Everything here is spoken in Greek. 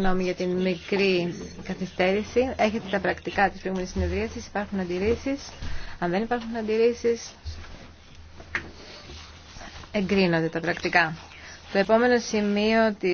συγγνώμη για την μικρή καθυστέρηση. Έχετε τα πρακτικά της προηγούμενης συνεδρίασης. Υπάρχουν αντιρρήσεις. Αν δεν υπάρχουν αντιρρήσεις, εγκρίνονται τα πρακτικά. Το επόμενο σημείο